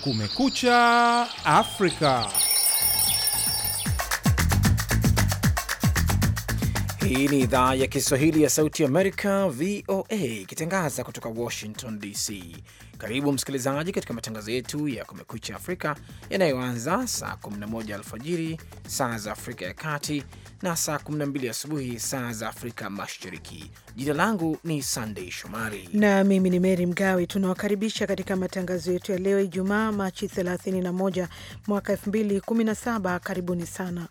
Kumekucha Afrika. Hii ni idhaa ya Kiswahili ya Sauti Amerika, VOA, ikitangaza kutoka Washington DC. Karibu msikilizaji, katika matangazo yetu ya Kumekucha Afrika yanayoanza saa 11 alfajiri saa za Afrika ya Kati na saa 12 asubuhi saa za Afrika Mashariki. Jina langu ni Sandei Shomari na mimi ni Meri Mgawe. Tunawakaribisha katika matangazo yetu ya leo Ijumaa, Machi 31 mwaka 2017. Karibuni sana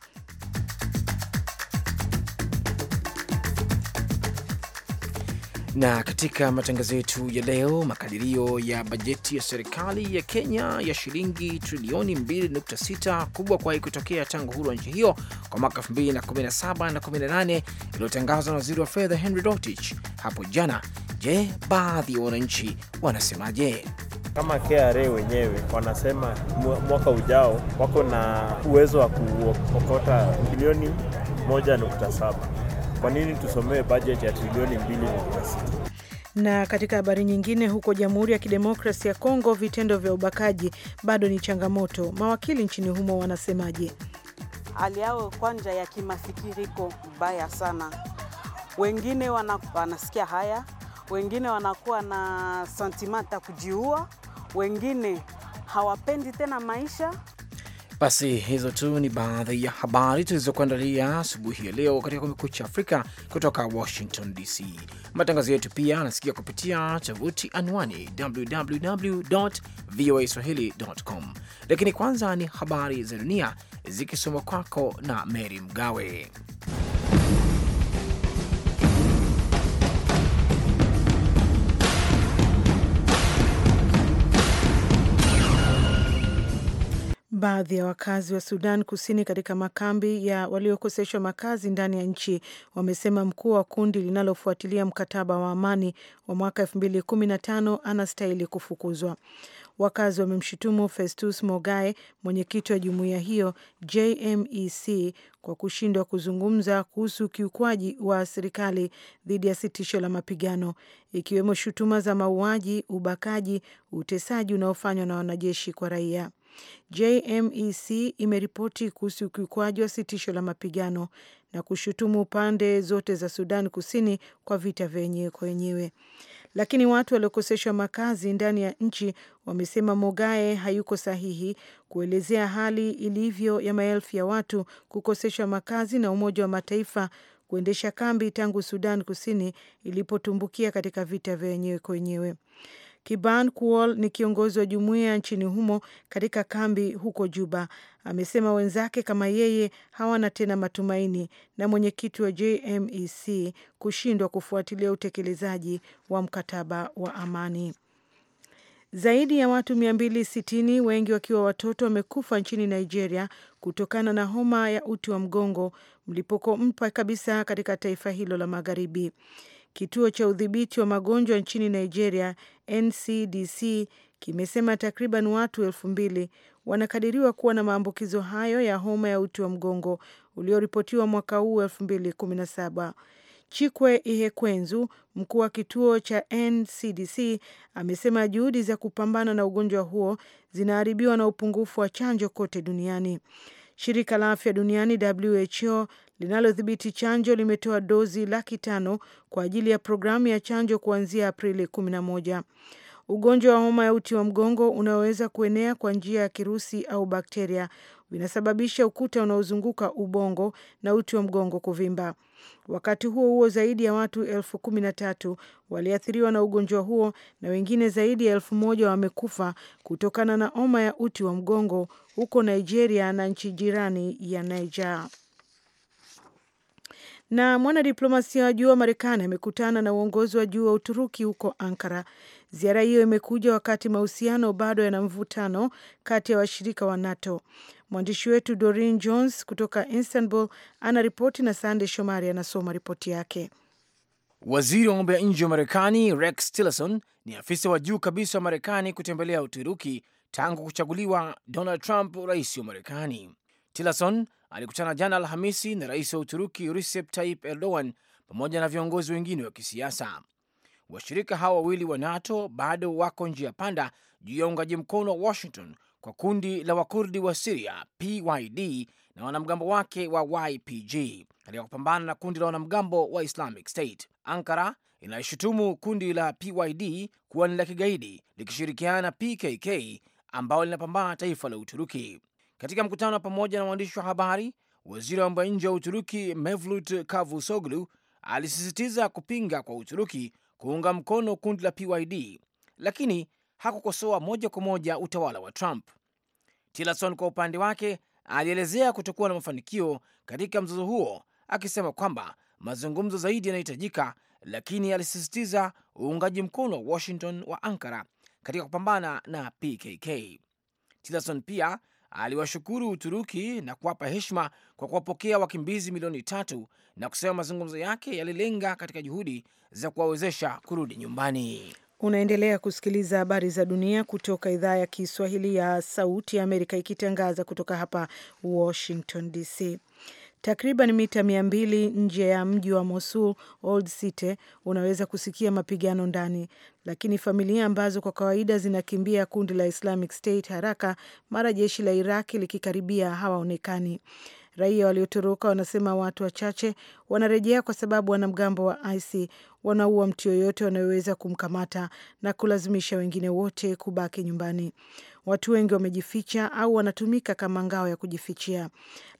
Na katika matangazo yetu ya leo, makadirio ya bajeti ya serikali ya Kenya ya shilingi trilioni 2.6 kubwa kwa kutokea tangu uhuru wa nchi hiyo kwa mwaka 2017 na 18 iliyotangazwa na waziri wa fedha Henry Rotich hapo jana. Je, baadhi ya wananchi wanasemaje? Kama KRA wenyewe wanasema mwaka ujao wako na uwezo wa kuokota bilioni 1.7. Kwa nini tusomee bajeti ya trilioni 2.6? Na katika habari nyingine, huko Jamhuri ya Kidemokrasi ya Kongo, vitendo vya ubakaji bado ni changamoto. Mawakili nchini humo wanasemaje? Hali yao kwanja ya kimafikiri iko mbaya sana. Wengine wana, wanasikia haya, wengine wanakuwa na santimata kujiua, wengine hawapendi tena maisha. Basi hizo tu ni baadhi ya habari tulizokuandalia asubuhi ya leo katika Kumekucha Afrika kutoka Washington DC. Matangazo yetu pia anasikia kupitia tovuti anwani www voa swahili.com, lakini kwanza ni habari za dunia zikisomwa kwako na Mary Mgawe. Baadhi ya wakazi wa Sudan Kusini katika makambi ya waliokoseshwa makazi ndani ya nchi wamesema mkuu wa kundi linalofuatilia mkataba wa amani wa mwaka tano anastahili kufukuzwa. Wakazi wamemshutumu Festus Mogae, mwenyekiti wa jumuiya hiyo JMEC, kwa kushindwa kuzungumza kuhusu ukiukwaji wa serikali dhidi ya sitisho la mapigano, ikiwemo shutuma za mauaji, ubakaji, utesaji unaofanywa na wanajeshi kwa raia. JMEC imeripoti kuhusu ukiukwaji wa sitisho la mapigano na kushutumu pande zote za Sudan Kusini kwa vita vya wenyewe kwa wenyewe. Lakini watu waliokoseshwa makazi ndani ya nchi wamesema Mogae hayuko sahihi kuelezea hali ilivyo ya maelfu ya watu kukoseshwa makazi na Umoja wa Mataifa kuendesha kambi tangu Sudan Kusini ilipotumbukia katika vita vya wenyewe kwa wenyewe. Kiban Kuol ni kiongozi wa jumuiya nchini humo katika kambi huko Juba. Amesema wenzake kama yeye hawana tena matumaini na mwenyekiti wa JMEC kushindwa kufuatilia utekelezaji wa mkataba wa amani. Zaidi ya watu 260 wengi wakiwa watoto wamekufa nchini Nigeria kutokana na homa ya uti wa mgongo, mlipuko mpya kabisa katika taifa hilo la magharibi. Kituo cha udhibiti wa magonjwa nchini Nigeria, NCDC, kimesema takriban watu elfu mbili wanakadiriwa kuwa na maambukizo hayo ya homa ya uti wa mgongo ulioripotiwa mwaka huu saba. Chikwe Ihekwenzu, mkuu wa kituo cha NCDC, amesema juhudi za kupambana na ugonjwa huo zinaharibiwa na upungufu wa chanjo kote duniani. Shirika la afya duniani WHO linalodhibiti chanjo limetoa dozi laki tano kwa ajili ya programu ya chanjo kuanzia Aprili 11. Ugonjwa wa homa ya uti wa mgongo unaoweza kuenea kwa njia ya kirusi au bakteria vinasababisha ukuta unaozunguka ubongo na uti wa mgongo kuvimba. Wakati huo huo, zaidi ya watu elfu kumi na tatu waliathiriwa na ugonjwa huo na wengine zaidi ya elfu moja wamekufa kutokana na homa ya uti wa mgongo huko Nigeria na nchi jirani ya Niger. Na mwanadiplomasia wa juu wa Marekani amekutana na uongozi wa juu wa Uturuki huko Ankara. Ziara hiyo imekuja wakati mahusiano bado yana mvutano kati ya washirika wa NATO. Mwandishi wetu dorin Jones kutoka Istanbul anaripoti na Sande Shomari anasoma ripoti yake. Waziri wa mambo ya nje wa Marekani Rex Tillerson ni afisa wa juu kabisa wa Marekani kutembelea Uturuki tangu kuchaguliwa Donald Trump rais wa Marekani. Tillerson alikutana jana Alhamisi na rais wa Uturuki Recep Tayyip Erdogan pamoja na viongozi wengine wa kisiasa. Washirika hawa wawili wa NATO bado wako njia panda juu ya uungaji mkono wa Washington kwa kundi la Wakurdi wa Siria PYD na wanamgambo wake wa YPG katika kupambana na kundi la wanamgambo wa Islamic State. Ankara inayoshutumu kundi la PYD kuwa ni la kigaidi likishirikiana na PKK ambao linapambana taifa la Uturuki. Katika mkutano wa pamoja na waandishi wa habari, waziri wa mambo ya nje wa Uturuki Mevlut Cavusoglu alisisitiza kupinga kwa Uturuki kuunga mkono kundi la PYD, lakini hakukosoa moja kwa moja utawala wa Trump. Tillerson kwa upande wake alielezea kutokuwa na mafanikio katika mzozo huo, akisema kwamba mazungumzo zaidi yanahitajika, lakini alisisitiza uungaji mkono wa Washington wa Ankara katika kupambana na PKK. Tillerson pia aliwashukuru Uturuki na kuwapa heshima kwa kuwapokea wakimbizi milioni tatu na kusema mazungumzo yake yalilenga katika juhudi za kuwawezesha kurudi nyumbani. Unaendelea kusikiliza habari za dunia kutoka idhaa ya Kiswahili ya Sauti ya Amerika ikitangaza kutoka hapa Washington DC. Takriban mita mia mbili nje ya mji wa Mosul Old City unaweza kusikia mapigano ndani, lakini familia ambazo kwa kawaida zinakimbia kundi la Islamic State haraka mara jeshi la iraqi likikaribia hawaonekani. Raia waliotoroka wanasema watu wachache wanarejea kwa sababu wanamgambo wa IC wanaua mtu yoyote wanayoweza kumkamata na kulazimisha wengine wote kubaki nyumbani. Watu wengi wamejificha au wanatumika kama ngao ya kujifichia.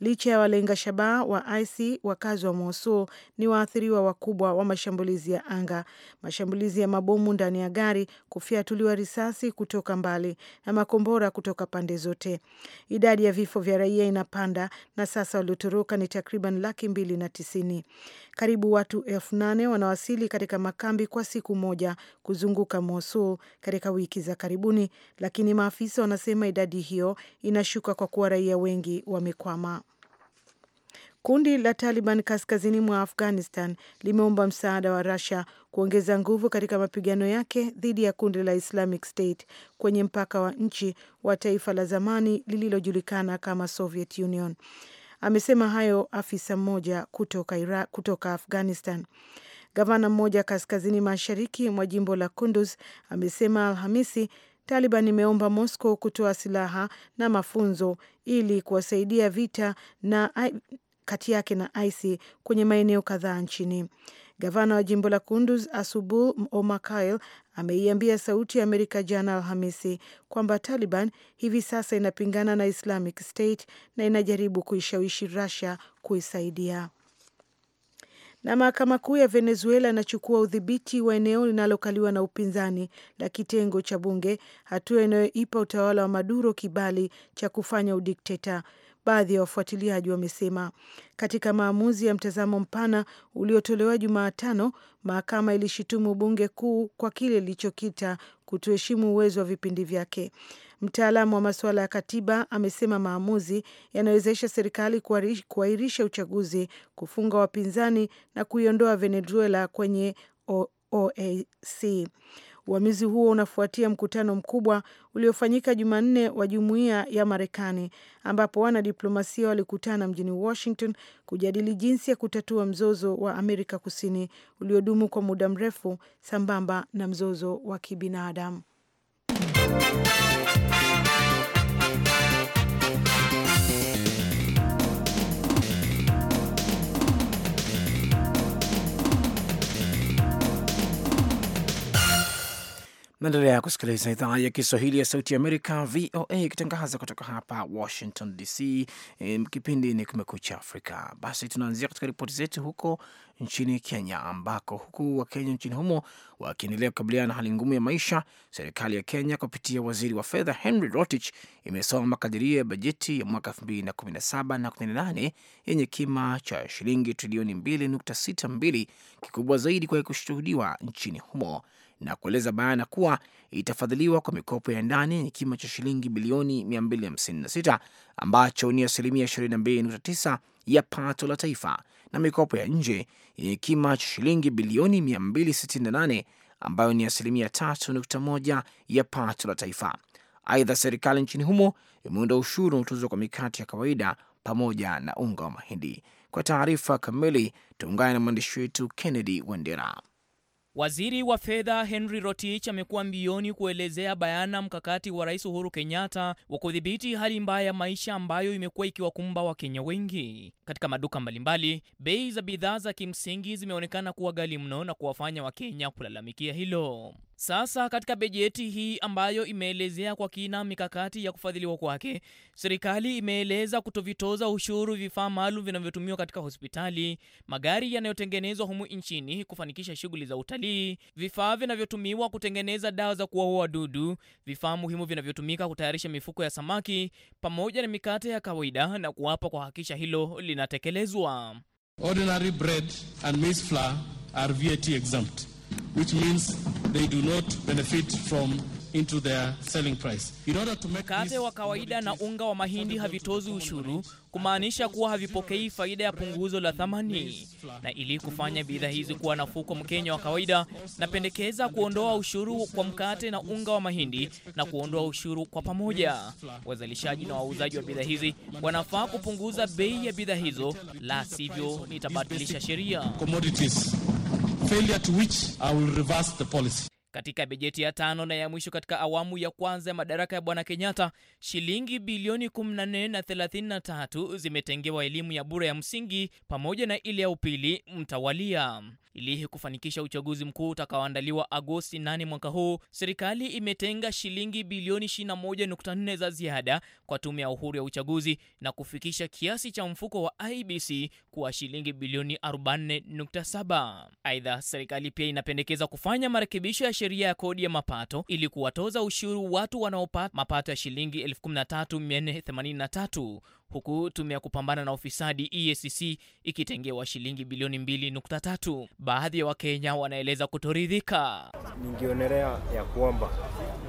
Licha ya walenga shabaha wa IC, wakazi wa Mosul ni waathiriwa wakubwa wa mashambulizi ya anga, mashambulizi ya mabomu ndani ya gari, kufyatuliwa risasi kutoka mbali na makombora kutoka pande zote. Idadi ya vifo vya raia inapanda na sasa waliotoroka ni takriban laki mbili na tisini. Karibu watu elfu nane wanawasili katika makambi kwa siku moja kuzunguka Mosul katika wiki za karibuni, lakini maafisa maafisa wanasema idadi hiyo inashuka kwa kuwa raia wengi wamekwama. Kundi la Taliban kaskazini mwa Afghanistan limeomba msaada wa Russia kuongeza nguvu katika mapigano yake dhidi ya kundi la Islamic State kwenye mpaka wa nchi wa taifa la zamani lililojulikana kama Soviet Union. Amesema hayo afisa mmoja kutoka, Ira, kutoka Afghanistan. Gavana mmoja kaskazini mashariki mwa jimbo la Kunduz amesema Alhamisi Taliban imeomba Moscow kutoa silaha na mafunzo ili kuwasaidia vita na kati yake na ISI kwenye maeneo kadhaa nchini. Gavana wa jimbo la Kunduz Asubul Omar ameiambia Sauti ya Amerika jana Alhamisi kwamba Taliban hivi sasa inapingana na Islamic State na inajaribu kuishawishi Russia kuisaidia. Na mahakama kuu ya Venezuela inachukua udhibiti wa eneo linalokaliwa na upinzani la kitengo cha bunge, hatua inayoipa utawala wa Maduro kibali cha kufanya udikteta. Baadhi ya wafuatiliaji wamesema katika maamuzi ya mtazamo mpana uliotolewa Jumatano, mahakama ilishitumu bunge kuu kwa kile ilichokita kutoheshimu uwezo wa vipindi vyake. Mtaalamu wa masuala ya katiba amesema maamuzi yanawezesha serikali kuahirisha uchaguzi, kufunga wapinzani na kuiondoa Venezuela kwenye OAC. Uamuzi huo unafuatia mkutano mkubwa uliofanyika Jumanne wa jumuiya ya Marekani ambapo wanadiplomasia walikutana mjini Washington kujadili jinsi ya kutatua mzozo wa Amerika Kusini uliodumu kwa muda mrefu sambamba na mzozo wa kibinadamu. Naendelea kusikiliza idhaa ya Kiswahili ya Sauti Amerika, VOA, ikitangaza kutoka hapa Washington DC. kipindi ni Kumekucha Afrika. Basi tunaanzia katika ripoti zetu huko nchini Kenya, ambako huku Wakenya nchini humo wakiendelea kukabiliana na hali ngumu ya maisha, serikali ya Kenya kupitia waziri wa fedha Henry Rotich imesoma makadirio ya bajeti ya mwaka 2017 na 18 yenye kima cha shilingi trilioni 2.62, kikubwa zaidi kwa kushuhudiwa nchini humo na kueleza bayana kuwa itafadhiliwa kwa mikopo ya ndani yenye kima cha shilingi bilioni 256 ambacho ni asilimia 22.9 ya pato la taifa na mikopo ya nje yenye kima cha shilingi bilioni 268 ambayo ni asilimia 3.1 ya pato la taifa. Aidha, serikali nchini humo imeunda ushuru unaotozwa kwa mikate ya kawaida pamoja na unga wa mahindi. Kwa taarifa kamili, tuungane na mwandishi wetu Kennedy Wandera. Waziri wa fedha Henry Rotich amekuwa mbioni kuelezea bayana mkakati wa Rais Uhuru Kenyatta wa kudhibiti hali mbaya ya maisha ambayo imekuwa ikiwakumba Wakenya wengi. Katika maduka mbalimbali, bei za bidhaa za kimsingi zimeonekana kuwa ghali mno na kuwafanya Wakenya kulalamikia hilo. Sasa katika bajeti hii ambayo imeelezea kwa kina mikakati ya kufadhiliwa kwake, serikali imeeleza kutovitoza ushuru vifaa maalum vinavyotumiwa katika hospitali, magari yanayotengenezwa humu nchini kufanikisha shughuli za utalii, vifaa vinavyotumiwa kutengeneza dawa za kuwaua wadudu, vifaa muhimu vinavyotumika kutayarisha mifuko ya samaki pamoja na mikate ya kawaida na kuwapa kuhakikisha hilo lina linatekelezwa. Ordinary bread and maize flour are VAT exempt, which means they do not benefit from into their selling price. In order to make mkate wa kawaida na unga wa mahindi havitozi ushuru, kumaanisha kuwa havipokei faida ya punguzo la thamani. Na ili kufanya bidhaa hizi kuwa nafuu kwa Mkenya wa kawaida, napendekeza kuondoa ushuru kwa mkate na unga wa mahindi na kuondoa ushuru kwa pamoja. Wazalishaji na wauzaji wa bidhaa hizi wanafaa kupunguza bei ya bidhaa hizo, la sivyo nitabadilisha sheria. Failure to which I will reverse the policy. Katika bajeti ya tano na ya mwisho katika awamu ya kwanza ya madaraka ya Bwana Kenyatta, shilingi bilioni 14 na 33 zimetengewa elimu ya bure ya msingi pamoja na ile ya upili mtawalia. Ili kufanikisha uchaguzi mkuu utakaoandaliwa Agosti 8 mwaka huu, serikali imetenga shilingi bilioni 21.4 za ziada kwa tume ya uhuru ya uchaguzi na kufikisha kiasi cha mfuko wa IBC kuwa shilingi bilioni 44.7. Aidha, serikali pia inapendekeza kufanya marekebisho ya sheria ya kodi ya mapato ili kuwatoza ushuru watu wanaopata mapato ya shilingi 13483 huku tume ya kupambana na ufisadi EACC ikitengewa shilingi bilioni 2.3. Baadhi ya wa Wakenya wanaeleza kutoridhika. Ningionelea ya kwamba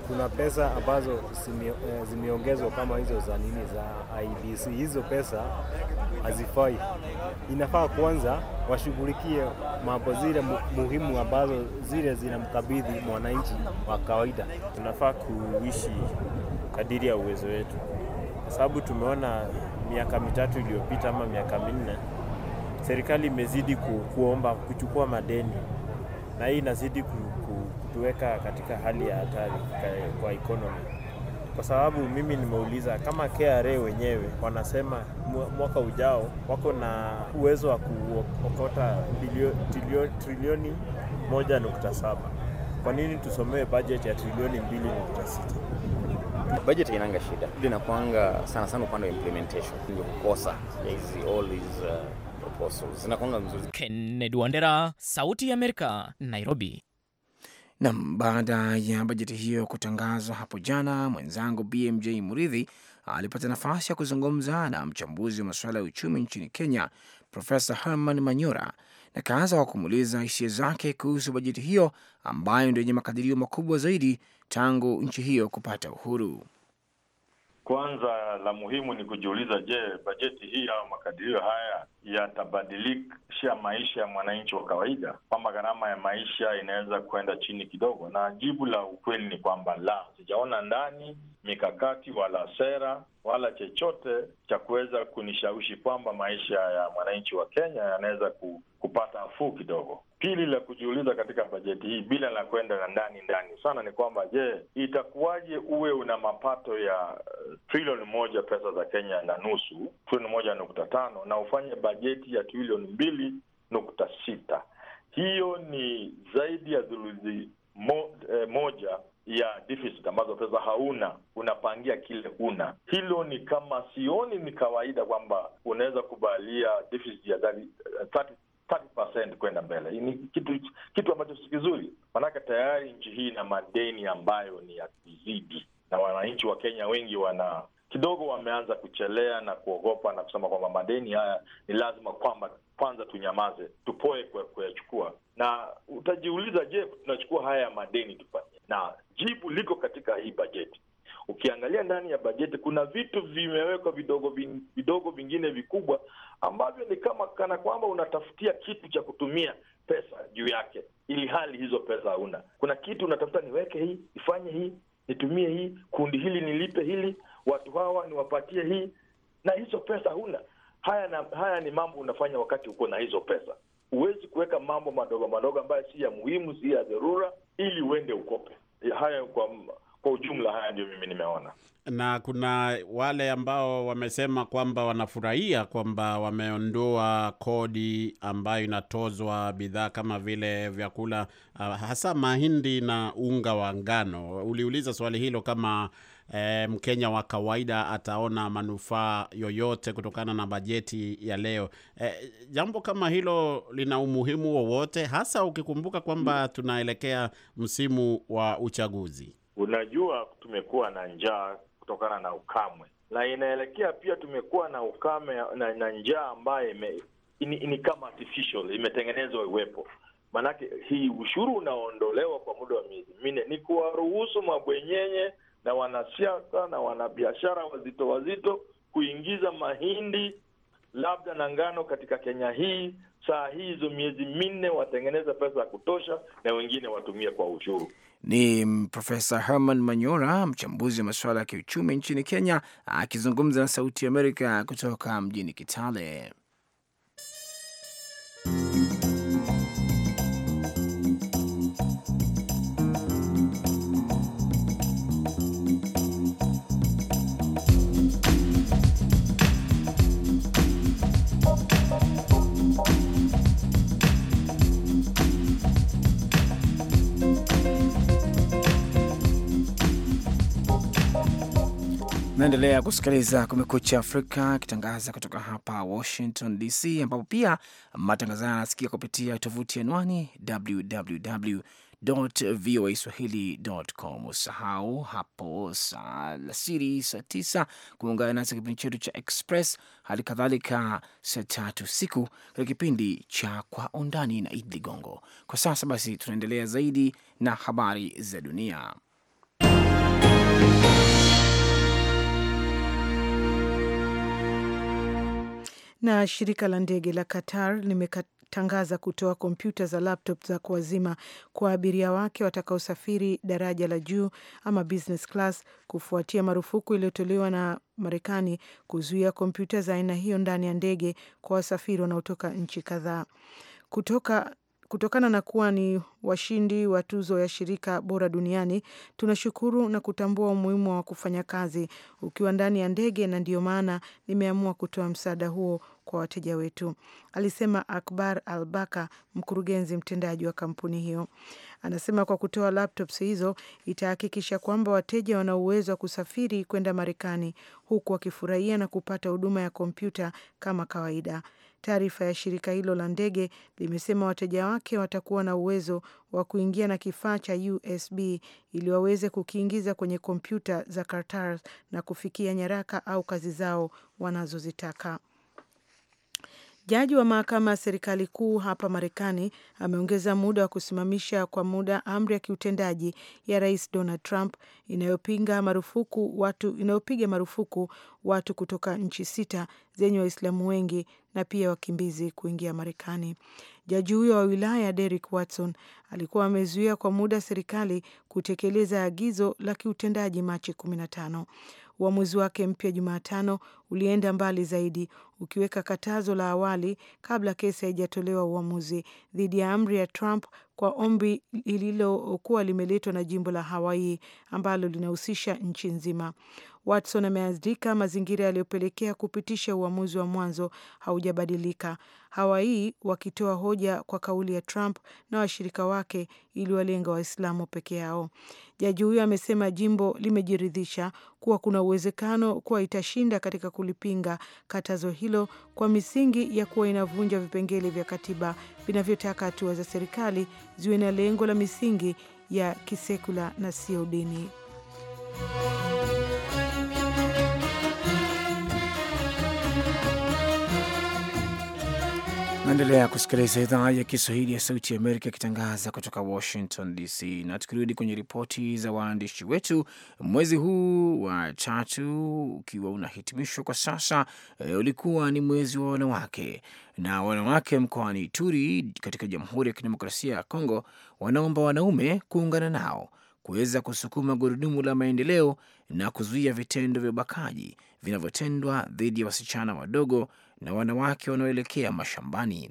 kuna pesa ambazo eh, zimeongezwa kama hizo za nini za IBC. Hizo pesa hazifai, inafaa kwanza washughulikie mambo zile muhimu ambazo zile zinamkabidhi mwananchi wa kawaida. Tunafaa kuishi kadiri ya uwezo wetu kwa sababu tumeona miaka mitatu iliyopita ama miaka minne serikali imezidi ku, kuomba kuchukua madeni, na hii inazidi ku, ku, kutuweka katika hali ya hatari kwa ekonomi, kwa sababu mimi nimeuliza kama KRA wenyewe wanasema mwaka ujao wako na uwezo wa kuokota trilioni 1.7 kwa nini tusomewe bajeti ya trilioni 2.6? Budget inanga shida linakwanga sana sana upande wa implementation ndio kukosa hizi all these uh, proposals zinakwanga mzuri. Kennedy Wandera, Sauti ya Amerika, Nairobi. na baada ya bajeti hiyo kutangazwa hapo jana, mwenzangu BMJ Muridhi alipata nafasi ya kuzungumza na mchambuzi wa masuala ya uchumi nchini Kenya, Profesa Herman Manyora, na kaanza kwa kumuuliza hisia zake kuhusu bajeti hiyo ambayo ndio yenye makadirio makubwa zaidi tangu nchi hiyo kupata uhuru. Kwanza la muhimu ni kujiuliza, je, bajeti hii au makadirio haya yatabadilisha maisha ya mwananchi wa kawaida, kwamba gharama ya maisha inaweza kwenda chini kidogo? Na jibu la ukweli ni kwamba la, sijaona ndani mikakati wala sera wala chochote cha kuweza kunishawishi kwamba maisha ya mwananchi wa Kenya yanaweza kupata afuu kidogo. Pili la kujiuliza katika bajeti hii bila la kwenda na ndani ndani sana ni kwamba je, itakuwaje uwe una mapato ya eh, trilioni moja pesa za Kenya na nusu, trilioni moja nukta tano na ufanye bajeti ya trilioni mbili nukta sita Hiyo ni zaidi ya thuluthi mo, eh, moja ya deficit ambazo pesa hauna, unapangia kile una. Hilo ni kama sioni ni kawaida kwamba unaweza kubalia deficit ya eh, 30% kwenda mbele. Ni kitu kitu ambacho si kizuri, maanake tayari nchi hii ina madeni ambayo ni ya kizidi, na wananchi wa Kenya wengi wana kidogo wameanza kuchelea na kuogopa na kusema kwamba madeni haya ni lazima kwamba kwanza tunyamaze, tupoe kuyachukua, na utajiuliza, je, tunachukua haya ya madeni tufanye? Na jibu liko katika hii bajeti. Ukiangalia ndani ya bajeti kuna vitu vimewekwa vidogo vidogo vingine vikubwa ambavyo ni kama kana kwamba unatafutia kitu cha kutumia pesa juu yake, ili hali hizo pesa hauna. Kuna kitu unatafuta, niweke hii, nifanye hii, nitumie hii, kundi hili nilipe hili, watu hawa niwapatie hii, na hizo pesa huna. Haya na, haya ni mambo unafanya wakati uko na hizo pesa. Huwezi kuweka mambo madogo madogo ambayo si ya muhimu, si ya dharura, ili uende ukope. Haya kwa ujumla, haya ndio mimi nimeona. Na kuna wale ambao wamesema kwamba wanafurahia kwamba wameondoa kodi ambayo inatozwa bidhaa kama vile vyakula, ah, hasa mahindi na unga wa ngano. Uliuliza swali hilo kama E, Mkenya wa kawaida ataona manufaa yoyote kutokana na bajeti ya leo. E, jambo kama hilo lina umuhimu wowote hasa ukikumbuka kwamba tunaelekea msimu wa uchaguzi? Unajua, tumekuwa na njaa kutokana na ukamwe, na inaelekea pia tumekuwa na ukame na, na njaa ambayo ni kama artificial imetengenezwa iwepo. Maanake hii ushuru unaondolewa kwa muda wa miezi minne ni kuwaruhusu mabwenyenye na wanasiasa na wanabiashara wazito wazito kuingiza mahindi labda na ngano katika Kenya hii saa hizo miezi minne watengeneza pesa ya kutosha, na wengine watumie kwa ushuru. Ni Profesa Herman Manyora, mchambuzi wa masuala ya kiuchumi nchini Kenya, akizungumza na Sauti ya Amerika kutoka mjini Kitale. Naendelea kusikiliza Kumekucha Afrika ikitangaza kutoka hapa Washington DC, ambapo pia matangazo haya yanasikia kupitia tovuti anwani www voa swahili.com. Usahau hapo saa lasiri saa tisa kuungana nasi kipindi chetu cha Express, hali kadhalika saa tatu siku katika kipindi cha Kwa Undani na Idi Ligongo. Kwa sasa basi, tunaendelea zaidi na habari za dunia. Na shirika la ndege la Qatar limetangaza kutoa kompyuta za laptop za kuwazima kwa abiria wake watakaosafiri daraja la juu ama business class kufuatia marufuku iliyotolewa na Marekani kuzuia kompyuta za aina hiyo ndani ya ndege kwa wasafiri wanaotoka nchi kadhaa kutoka Kutokana na kuwa ni washindi wa tuzo ya shirika bora duniani, tunashukuru na kutambua umuhimu wa kufanya kazi ukiwa ndani ya ndege, na ndiyo maana nimeamua kutoa msaada huo kwa wateja wetu, alisema Akbar Al Baka, mkurugenzi mtendaji wa kampuni hiyo. Anasema kwa kutoa laptops hizo itahakikisha kwamba wateja wana uwezo wa kusafiri kwenda Marekani huku wakifurahia na kupata huduma ya kompyuta kama kawaida. Taarifa ya shirika hilo la ndege limesema wateja wake watakuwa na uwezo wa kuingia na kifaa cha USB ili waweze kukiingiza kwenye kompyuta za kartar na kufikia nyaraka au kazi zao wanazozitaka. Jaji wa mahakama ya serikali kuu hapa Marekani ameongeza muda wa kusimamisha kwa muda amri ya kiutendaji ya Rais Donald Trump inayopiga marufuku watu, inayopiga marufuku watu kutoka nchi sita zenye Waislamu wengi na pia wakimbizi kuingia Marekani. Jaji huyo wa wilaya Derek Watson alikuwa amezuia kwa muda serikali kutekeleza agizo la kiutendaji Machi tano. Uamuzi wake mpya Jumatano ulienda mbali zaidi, ukiweka katazo la awali kabla kesi haijatolewa uamuzi dhidi ya amri ya Trump kwa ombi lililokuwa limeletwa na jimbo la Hawaii ambalo linahusisha nchi nzima. Watson ameandika, mazingira yaliyopelekea kupitisha uamuzi wa mwanzo haujabadilika. Hawaii wakitoa hoja kwa kauli ya Trump na washirika wake iliwalenga Waislamu peke yao. Jaji huyo amesema jimbo limejiridhisha kuwa kuna uwezekano kuwa itashinda katika kulipinga katazo hilo kwa misingi ya kuwa inavunja vipengele vya katiba vinavyotaka hatua za serikali ziwe na lengo la misingi ya kisekula na sio dini. Naendelea kusikiliza idhaa ya Kiswahili ya Sauti ya Amerika ikitangaza kutoka Washington DC. Na tukirudi kwenye ripoti za waandishi wetu, mwezi huu wa tatu ukiwa unahitimishwa kwa sasa, eh, ulikuwa ni mwezi wa wanawake, na wanawake mkoani Ituri katika Jamhuri ya Kidemokrasia ya Kongo wanaomba wanaume kuungana nao kuweza kusukuma gurudumu la maendeleo na kuzuia vitendo vya ubakaji vinavyotendwa dhidi ya wasichana wadogo na wanawake wanaoelekea mashambani.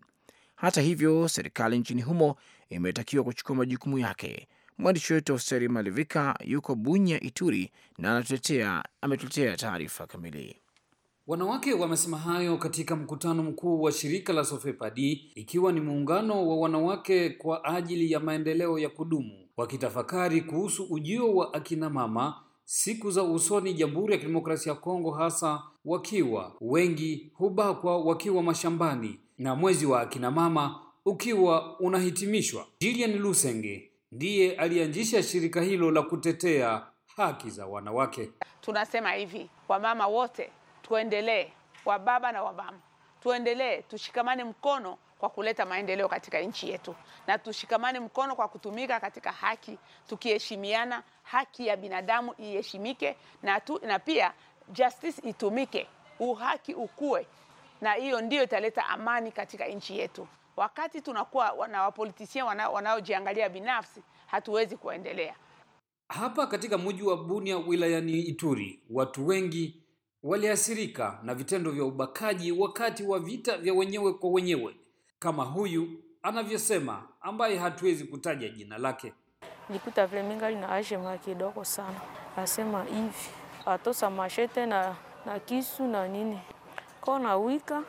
Hata hivyo, serikali nchini humo imetakiwa kuchukua majukumu yake. Mwandishi wetu Hosteri Malivika yuko Bunya, Ituri, na anatuletea ametuletea taarifa kamili. Wanawake wamesema hayo katika mkutano mkuu wa shirika la Sofepadi, ikiwa ni muungano wa wanawake kwa ajili ya maendeleo ya kudumu, wakitafakari kuhusu ujio wa akina mama siku za usoni Jamhuri ya Kidemokrasia ya Kongo, hasa wakiwa wengi hubakwa wakiwa mashambani na mwezi wa akina mama ukiwa unahitimishwa. Julian Lusenge ndiye alianzisha shirika hilo la kutetea haki za wanawake. Tunasema hivi, wamama wote tuendelee, wababa na wamama tuendelee, tushikamane mkono kwa kuleta maendeleo katika nchi yetu, na tushikamane mkono kwa kutumika katika haki, tukiheshimiana, haki ya binadamu iheshimike na, tu, na pia justice itumike, uhaki ukue, na hiyo ndiyo italeta amani katika nchi yetu. Wakati tunakuwa na wapolitisia wanaojiangalia wana binafsi, hatuwezi kuendelea. Hapa katika mji wa Bunia wilayani Ituri, watu wengi waliathirika na vitendo vya ubakaji wakati wa vita vya wenyewe kwa wenyewe, kama huyu anavyosema, ambaye hatuwezi kutaja jina lake. Nikuta vile mingali na aishe mga kidogo sana, asema hivi atosa mashete na, na kisu na nini ko na wika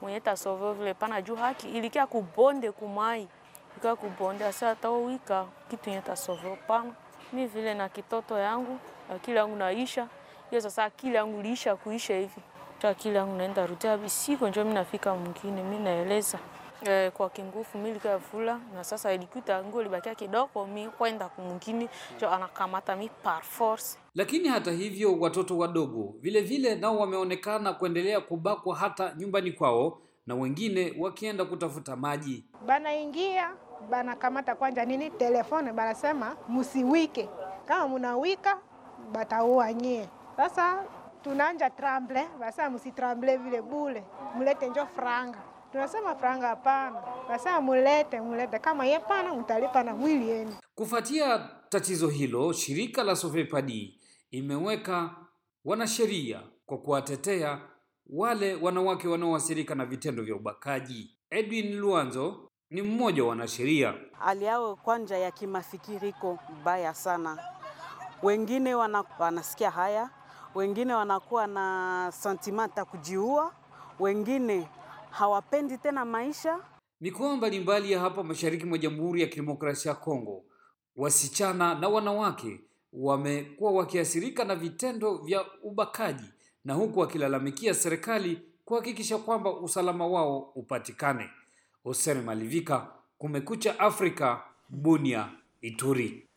mwenye tasove vile pana juu haki ilikia kubonde kumai ika kubonde asa hata wika kitu yenye tasove pana mi vile na kitoto yangu akili yangu naisha hiyo sasa akili yangu iliisha kuisha hivi. Akili yangu naenda Rutabi, siko njo mimi nafika mwingine, mimi naeleza e, kwa kingufu nilikuwa fula na sasa ilikuta nguo libakia kidogo, mimi kwenda mwingine jo anakamata mi par force. Lakini hata hivyo watoto wadogo vile vile nao wameonekana kuendelea kubakwa hata nyumbani kwao, na wengine wakienda kutafuta maji banaingia banakamata kwanja nini telefone, banasema musiwike, kama munawika batauanyie nyie sasa tunanja tramble, basa msitramble vile bule, mulete njo franga. Tunasema franga hapana, basa mulete mulete, kama pana mtalipa na mwili yenu. Kufuatia tatizo hilo, shirika la Sofepadi imeweka wanasheria kwa kuwatetea wale wanawake wanaoathirika na vitendo vya ubakaji. Edwin Luanzo ni mmoja wa wanasheria. Hali yao kwanja ya kimafikiriko mbaya sana, wengine wana, wanasikia haya wengine wanakuwa na sentimenta kujiua, wengine hawapendi tena maisha. Mikoa mbalimbali ya hapa mashariki mwa Jamhuri ya Kidemokrasia ya Kongo, wasichana na wanawake wamekuwa wakiathirika na vitendo vya ubakaji, na huku wakilalamikia serikali kuhakikisha kwamba usalama wao upatikane. Hoseni Malivika, Kumekucha Afrika, Bunia, Ituri.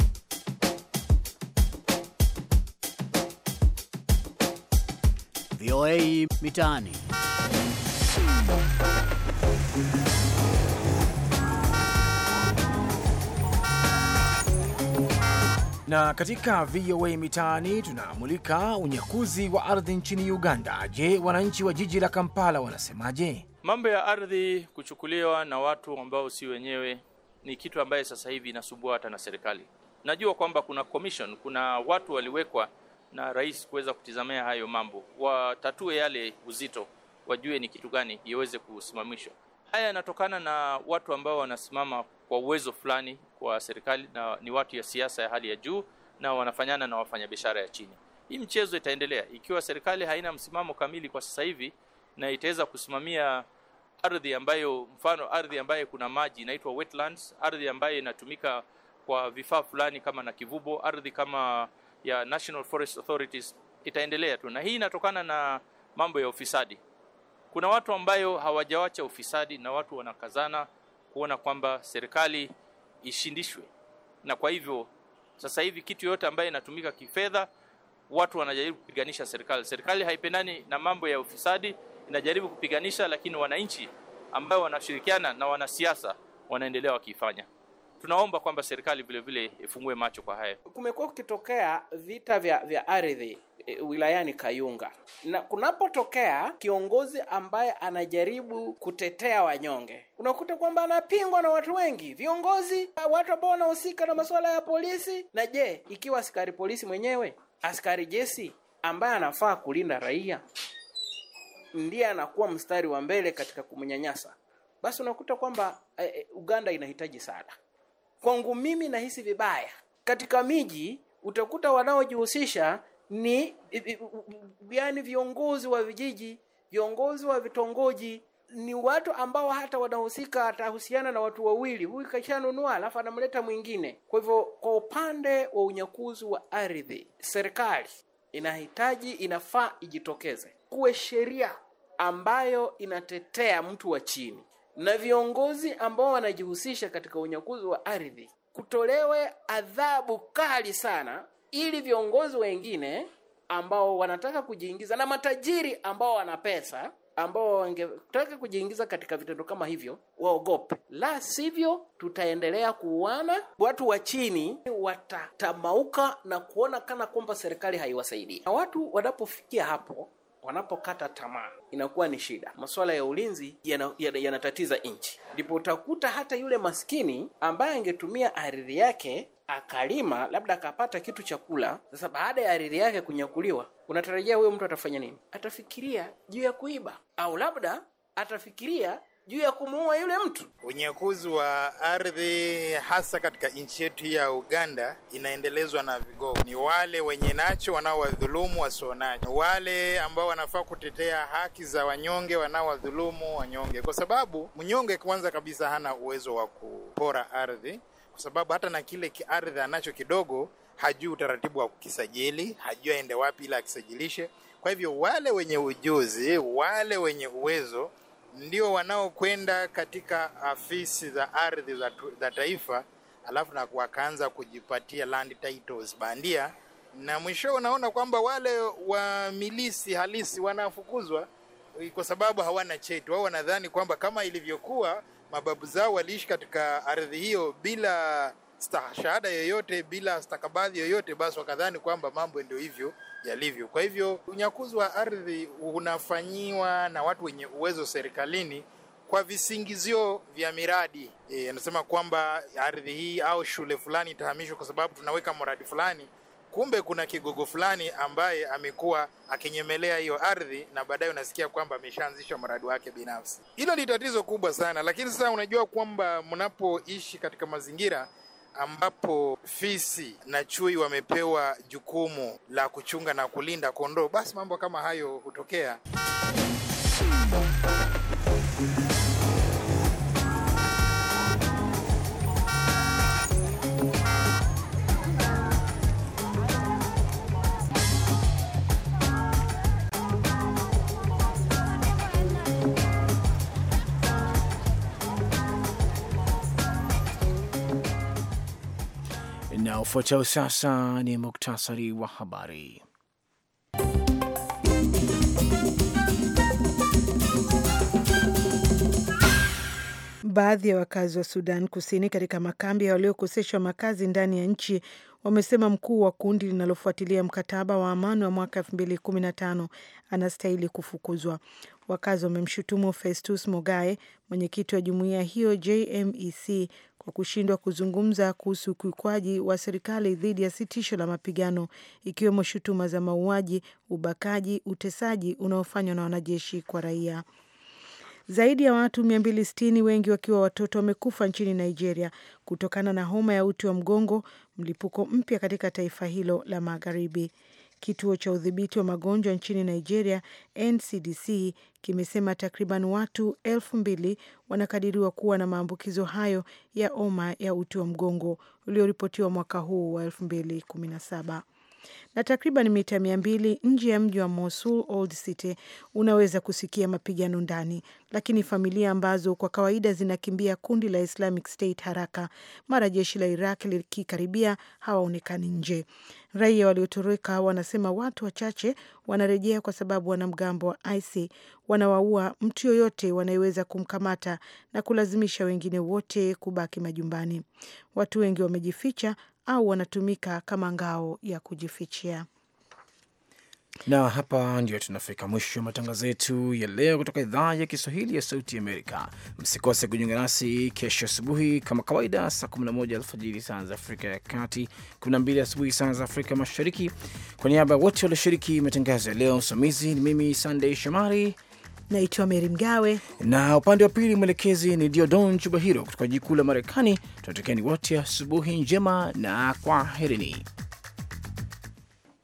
VOA Mitaani. Na katika VOA Mitaani tunamulika unyakuzi wa ardhi nchini Uganda. Je, wananchi wa jiji la Kampala wanasemaje? Mambo ya ardhi kuchukuliwa na watu ambao si wenyewe ni kitu ambaye sasa hivi inasumbua hata na serikali. Najua kwamba kuna commission, kuna watu waliwekwa na rais kuweza kutizamia hayo mambo, watatue yale uzito, wajue ni kitu gani iweze kusimamishwa. Haya yanatokana na watu ambao wanasimama kwa uwezo fulani kwa serikali na ni watu ya siasa ya hali ya juu na wanafanyana na wafanyabiashara ya chini. Hii mchezo itaendelea ikiwa serikali haina msimamo kamili kwa sasa hivi na itaweza kusimamia ardhi ambayo, mfano ardhi ambayo kuna maji inaitwa wetlands, ardhi ambayo inatumika kwa vifaa fulani kama na kivubo, ardhi kama ya National Forest Authorities itaendelea tu, na hii inatokana na mambo ya ufisadi. Kuna watu ambayo hawajawacha ufisadi na watu wanakazana kuona kwamba serikali ishindishwe, na kwa hivyo sasa hivi kitu yote ambayo inatumika kifedha, watu wanajaribu kupiganisha serikali. Serikali haipendani na mambo ya ufisadi, inajaribu kupiganisha, lakini wananchi ambao wanashirikiana na wanasiasa wanaendelea wakifanya tunaomba kwamba serikali vile vile ifungue macho kwa haya. Kumekuwa kukitokea vita vya, vya ardhi e, wilayani Kayunga, na kunapotokea kiongozi ambaye anajaribu kutetea wanyonge, unakuta kwamba anapingwa na watu wengi, viongozi, watu ambao wanahusika na masuala ya polisi. Na je, ikiwa askari polisi mwenyewe, askari jeshi ambaye anafaa kulinda raia ndiye anakuwa mstari wa mbele katika kumnyanyasa, basi unakuta kwamba e, e Uganda inahitaji sana kwangu mimi nahisi vibaya. Katika miji utakuta wanaojihusisha ni yani viongozi wa vijiji, viongozi wa vitongoji ni watu ambao hata wanahusika, atahusiana na watu wawili, huyu kashanunua alafu anamleta mwingine. Kwa hivyo, kwa upande wa unyakuzi wa ardhi, serikali inahitaji, inafaa ijitokeze, kuwe sheria ambayo inatetea mtu wa chini na viongozi ambao wanajihusisha katika unyakuzi wa ardhi kutolewe adhabu kali sana, ili viongozi wengine ambao wanataka kujiingiza na matajiri ambao wana pesa ambao wangetaka kujiingiza katika vitendo kama hivyo waogope, la sivyo tutaendelea kuuana. Watu wa chini watatamauka na kuona kana kwamba serikali haiwasaidii, na watu wanapofikia hapo wanapokata tamaa inakuwa ni shida. Masuala ya ulinzi yanatatiza yana, yana nchi, ndipo utakuta hata yule maskini ambaye angetumia ardhi yake akalima labda akapata kitu cha kula. Sasa baada ya ardhi yake kunyakuliwa, unatarajia huyo mtu atafanya nini? Atafikiria juu ya kuiba, au labda atafikiria juu ya kumuua yule mtu. Unyakuzi wa ardhi hasa katika nchi yetu ya Uganda inaendelezwa na vigogo, ni wale wenye nacho wanaowadhulumu wasionacho, wale ambao wanafaa kutetea haki za wanyonge wanaowadhulumu wanyonge, kwa sababu mnyonge kwanza kabisa hana uwezo wa kupora ardhi, kwa sababu hata na kile kiardhi anacho kidogo, hajui utaratibu wa kukisajili, hajui aende wapi ili akisajilishe. Kwa hivyo wale wenye ujuzi, wale wenye uwezo ndio wanaokwenda katika afisi za ardhi za, za taifa alafu na wakaanza kujipatia land titles bandia, na mwisho unaona kwamba wale wamilisi halisi wanafukuzwa eh, kwa sababu hawana cheti. Wao wanadhani kwamba kama ilivyokuwa mababu zao waliishi katika ardhi hiyo bila stashahada yoyote bila stakabadhi yoyote, basi wakadhani kwamba mambo ndio hivyo yalivyo. Kwa hivyo unyakuzi wa ardhi unafanyiwa na watu wenye uwezo serikalini kwa visingizio vya miradi e, anasema kwamba ardhi hii au shule fulani itahamishwa kwa sababu tunaweka mradi fulani. Kumbe kuna kigogo fulani ambaye amekuwa akinyemelea hiyo ardhi, na baadaye unasikia kwamba ameshaanzisha mradi wake binafsi. Hilo ni tatizo kubwa sana, lakini sasa unajua kwamba mnapoishi katika mazingira ambapo fisi na chui wamepewa jukumu la kuchunga na kulinda kondoo, basi mambo kama hayo hutokea. Ufuatao sasa ni muktasari wa habari. Baadhi ya wakazi wa Sudan Kusini katika makambi ya waliokoseshwa makazi ndani ya nchi wamesema mkuu wa kundi linalofuatilia mkataba wa amani wa mwaka 215 anastahili kufukuzwa. Wakazi wamemshutumu Festus Mogae, mwenyekiti wa jumuiya hiyo JMEC, kwa kushindwa kuzungumza kuhusu ukiukwaji wa serikali dhidi ya sitisho la mapigano, ikiwemo shutuma za mauaji, ubakaji, utesaji unaofanywa na wanajeshi kwa raia. Zaidi ya watu 260 wengi wakiwa watoto wamekufa nchini Nigeria kutokana na homa ya uti wa mgongo, mlipuko mpya katika taifa hilo la magharibi. Kituo cha udhibiti wa magonjwa nchini Nigeria, NCDC, kimesema takriban watu elfu mbili wanakadiriwa kuwa na maambukizo hayo ya homa ya uti wa mgongo ulioripotiwa mwaka huu wa saba na takriban mita mia mbili nje ya mji wa Mosul Old City unaweza kusikia mapigano ndani, lakini familia ambazo kwa kawaida zinakimbia kundi la Islamic State haraka mara jeshi la Iraq likikaribia hawaonekani nje. Raia waliotoroka wanasema watu wachache wanarejea kwa sababu wanamgambo wa IC wanawaua mtu yoyote wanayeweza kumkamata na kulazimisha wengine wote kubaki majumbani. Watu wengi wamejificha au wanatumika kama ngao ya kujifichia. Na hapa ndio tunafika mwisho wa matangazo yetu ya leo kutoka idhaa ya Kiswahili ya Sauti Amerika. Msikose kujiunga nasi kesho asubuhi kama kawaida, saa 11 alfajiri saa za Afrika ya Kati, 12 asubuhi saa za Afrika Mashariki. Kwa niaba ya wote walioshiriki matangazo ya leo, msimamizi ni mimi sandey Shomari, Naitwa Meri Mgawe na upande wa pili mwelekezi ni Diodon Chubahiro kutoka jikuu la Marekani. Tunatakieni wote asubuhi njema na kwaherini.